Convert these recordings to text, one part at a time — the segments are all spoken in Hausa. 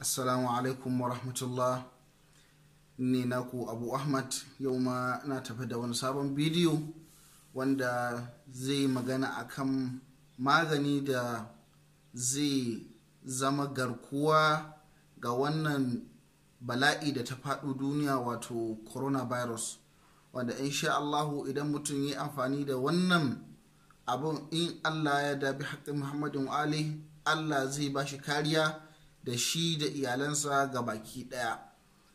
assalamu alaikum wa rahmatullah ni naku abu ahmad yau ma na tafi da wani sabon bidiyo wanda zai magana akan magani da zai zama garkuwa ga wannan bala'i da ta faɗo duniya wato coronavirus wanda insha Allahu idan mutum yi amfani da wannan abun in Allah ya dabi haƙƙin Muhammadin Ali Allah zai ba shi kariya da shi da iyalansa ga baki ɗaya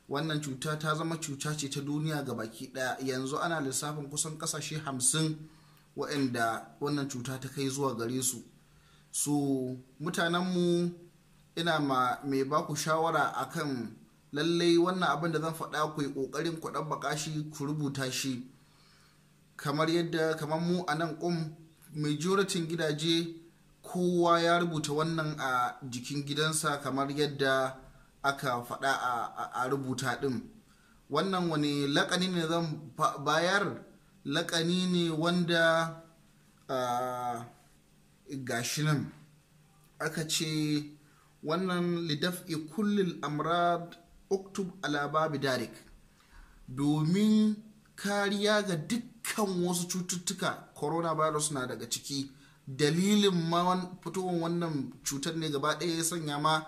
wannan cuta ta zama cuta ce ta duniya ga baki ɗaya yanzu ana lissafin kusan kasashe hamsin waɗanda wannan cuta ta kai zuwa gare su su mutanenmu ina ma mai baku shawara akan lallai wannan abin da zan faɗa ku yi ƙoƙarin ku ɗabbaka shi ku rubuta shi kamar yadda kamar mu a nan ƙum majoritin gidaje kowa ya rubuta wannan a jikin gidansa kamar yadda aka faɗa a rubuta ɗin wannan wani lakani ne zan bayar lakani ne wanda gashi nan aka ce wannan lidaf'i kullil amrad uktub ala babi darik domin kariya ga dukkan wasu cututtuka coronavirus na daga ciki dalilin fitowar wannan cutar ne gaba ɗaya ya sanya ma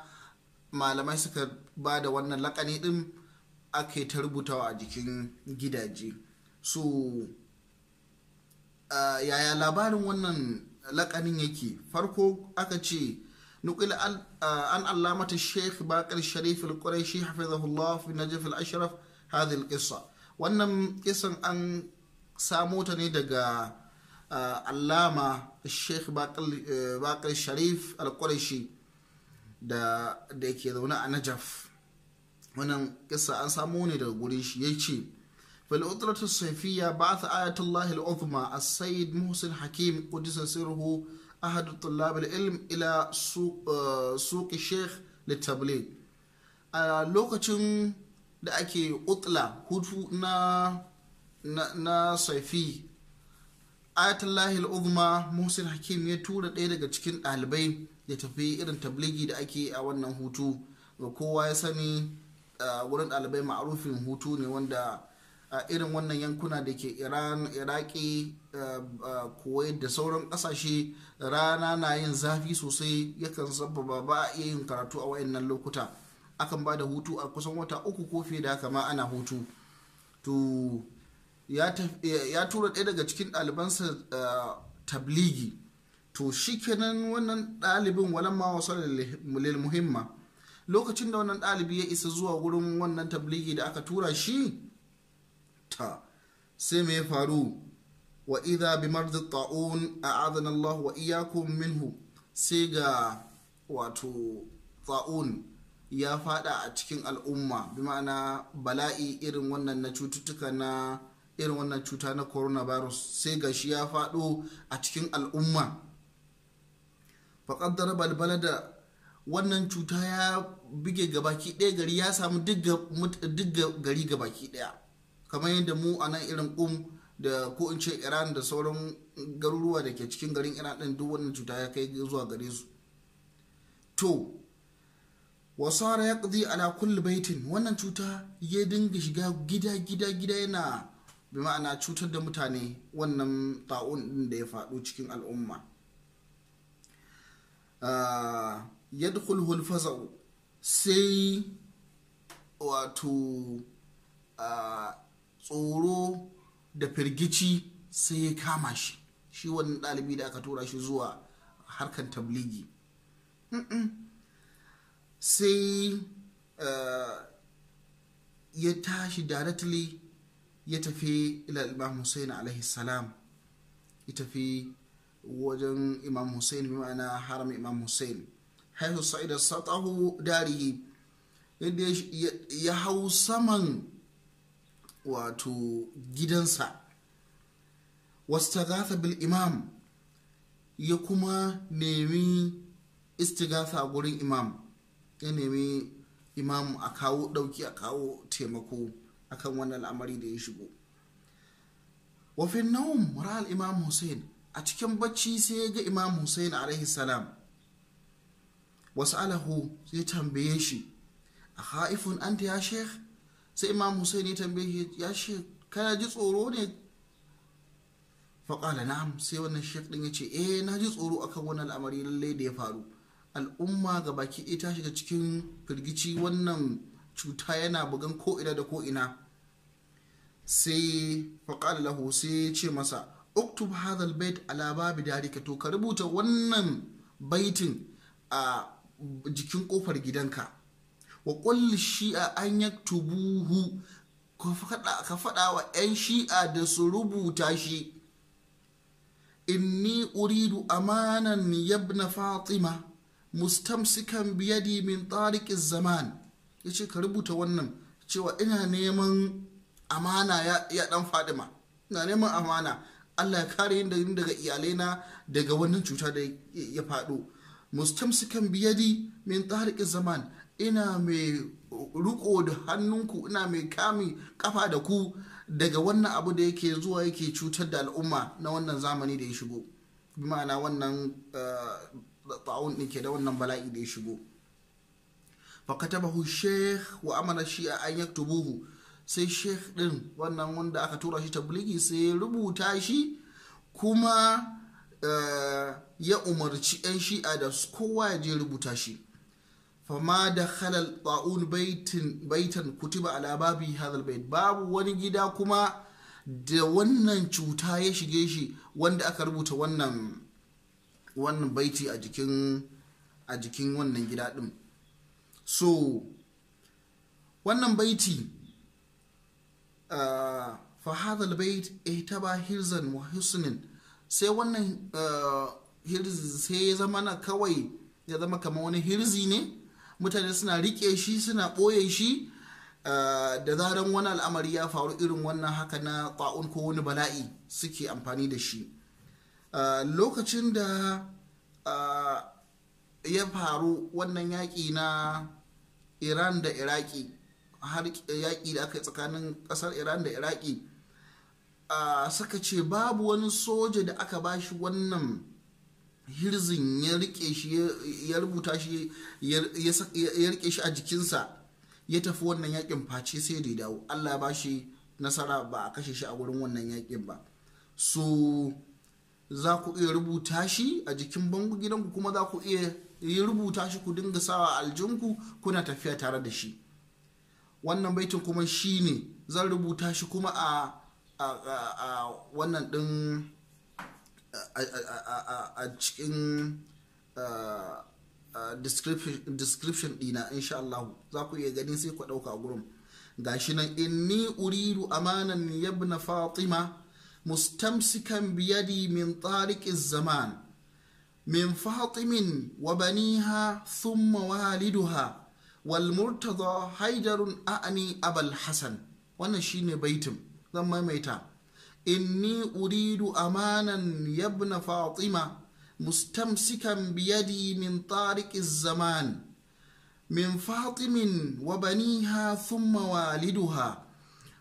malamai suka ba da wannan lakani ɗin ake ta rubutawa a jikin gidaje so uh, yaya labarin wannan lakanin yake farko aka ce nukil an allamata sheikh bakar sharifin ƙwarai hafizahullah fi najaf al-ashraf hadhihi al wannan kisan an samo ta ne daga allama sheikh bakir sharif al da da ke zaune a najaf wannan kisa an samu ne daga gurin shi ya ce filotratus safiya ba ta ayatollah al a sayid muhsin hakim kudisar sirhu ahadutullah ilm ila suki sheikh tabli a lokacin da ake utla hudu na safi lahi al'uzma muhsin hakim ya tura ɗaya daga cikin ɗalibai ya tafi irin tabligi da ake a wannan hutu ga kowa ya sani wurin ɗalibai ma'arufin hutu ne wanda a irin wannan yankuna da ke iran iraki da sauran ƙasashe rana na yin zafi sosai yakan sababa ba a iya yin karatu a wayannan lokuta akan ba da hutu a kusan wata uku ko fiye da haka ma ana hutu to ya tura ɗaya daga cikin ɗalibansa eh, tabligi to shi kenan wannan ɗalibin ma wasu lil muhimma lokacin da wannan ɗalibi ya isa zuwa wurin wannan tabligi da aka tura shi ta sai mai faru wa idha bi marzi ta'un a'adana Allah wa iyyakum minhu sai ga wato ta'un ya fada a cikin al'umma bi ma'ana bala'i irin wannan na cututtuka na irin wannan cuta na coronavirus sai ga shi ya faɗo a cikin al'umma faƙaddar balbala da wannan cuta ya buge gabaki ɗaya gari ya samu duk gari gabaki ɗaya kamar yadda mu a nan irin ƙum da ko in ce iran da sauran garuruwa da ke cikin garin iran ɗin duk wannan cuta ya kai zuwa gare su to wasara ya ƙazi ala kulli baitin wannan cuta ya dinga shiga gida gida gida yana bi ma'ana cutar da mutane wannan ta'un ɗin da ya faɗo cikin al'umma ah, yadkhulhul faza'u sai wato ah, tsoro da firgici sai ya kama shi shi wannan ɗalibi da aka tura shi zuwa harkar tabligi sai ah, ya tashi directly ya tafi ila imam hussein alaihi salam ya tafi wajen imam hussein bi ma'ana haram imam hussein haihu sa'ida satahu darihi inda ya hau saman wato gidansa gasa bil imam ya kuma nemi istigatha gurin imam ya nemi imam a kawo dauki a kawo taimako akan wannan al'amari da ya shigo wafin naum ra'al imam hussein a cikin bacci sai ya ga imam hussein alaihi salam wasu alahu sai tambaye shi a haifun an ya sheikh sai imam hussein ya tambaye shi. ya sheikh kana ji tsoro ne faƙala na'am sai wannan sheikh din ya ce eh na ji tsoro akan wannan al'amari lallai da ya faru al'umma ga baki ita shiga cikin firgici wannan cuta yana bugan ko'ina da ko'ina sai faƙal lahu sai ce masa uktub hadal bait ala babi darika to ka rubuta wannan baitin a jikin kofar gidanka wa ƙwal shi'a an yaktubuhu ka faɗa wa 'yan shi'a da su rubuta shi inni uridu amanan yabna fatima mustamsikan biyadi min tariqi zaman ya ce ka rubuta wannan cewa ina neman amana ya dan fadima ina neman amana allah ya kare yin daga iyalai na daga wannan cuta da ya faɗo mustamsikan biyadi min tarikin zaman ina mai ruko da hannunku ina mai kami kafa da ku daga wannan abu da yake zuwa yake cutar da al'umma na wannan zamani da ya shigo bi ma'ana wannan eh, ta'awun ɗin ke da wannan bala'i da ya shigo fakatabahu sheikh wa amana shi a an yaktubuhu sai sheikh din wannan wanda aka tura shi tabligi sai rubuta shi kuma eh, ya umarci 'yan shi'a da kowa ya je rubuta shi fama da halal ta'un baitan kutuba ala babi hadal bait babu wani gida kuma da wannan cuta ya shige shi wanda aka rubuta wannan wannan baiti a jikin a jikin wannan gida din so wannan baiti uh, fahadal bait ihtaba hirzan wa husnin sai wannan hirzi sai ya zama na kawai ya zama kamar wani hirzi ne mutane suna rike shi suna ɓoye shi da zaran wani al'amari ya faru irin wannan haka na ƙwa'un ko wani bala'i suke amfani da shi lokacin da ya faru wannan yaƙi na iran da iraki har yaƙi da aka yi tsakanin ƙasar iran da iraki Saka ce babu wani soja da aka ba shi wannan hirzin ya rike shi ya rubuta shi ya rike shi a jikinsa ya tafi wannan yaƙin face sai da dawo allah bashi ba shi nasara ba a kashe shi a wurin wannan yakin ba so za ku iya rubuta shi a jikin bango gidanku kuma za ku iya yi rubuta shi ku dinga sawa aljinku kuna tafiya tare da shi wannan baitin kuma shi ne zan rubuta shi kuma a wannan ɗin a cikin description ɗina insha Allah za ku iya gani sai ku ɗauka gurin gashi nan inni uridu amanan yabna fatima mustamsikan biyadi min tariqi zaman من فاطم وبنيها ثم والدها والمرتضى حيدر أعني أبا الحسن وانا شين بيتم ثم ميتا إني أريد أمانا يا ابن فاطمة مستمسكا بيدي من طارق الزمان من فاطم وبنيها ثم والدها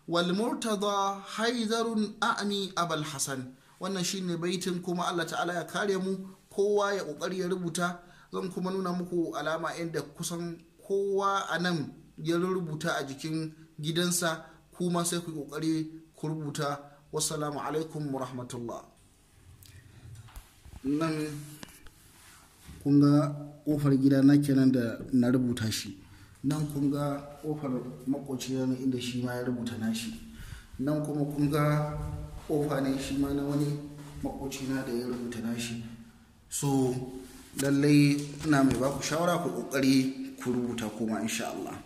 والمرتضى حيدر أعني أبا الحسن wannan shine baitin kuma Allah ta'ala ya kare mu kowa ya kokari ya rubuta zan kuma nuna muku alama inda kusan kowa a nan ya rubuta a jikin gidansa kuma sai ku kokari ku rubuta wassalamu alaikum wa rahmatullah nan kun ga kofar gida na kenan da na rubuta shi nan kun ga kofar makoci na inda shi ma ya rubuta nashi nan kuma kun ga kofa ne shi ma na wani makoci na da ya rubuta nashi so lallai ina mai baku shawara ku kokari ku rubuta kuma insha Allah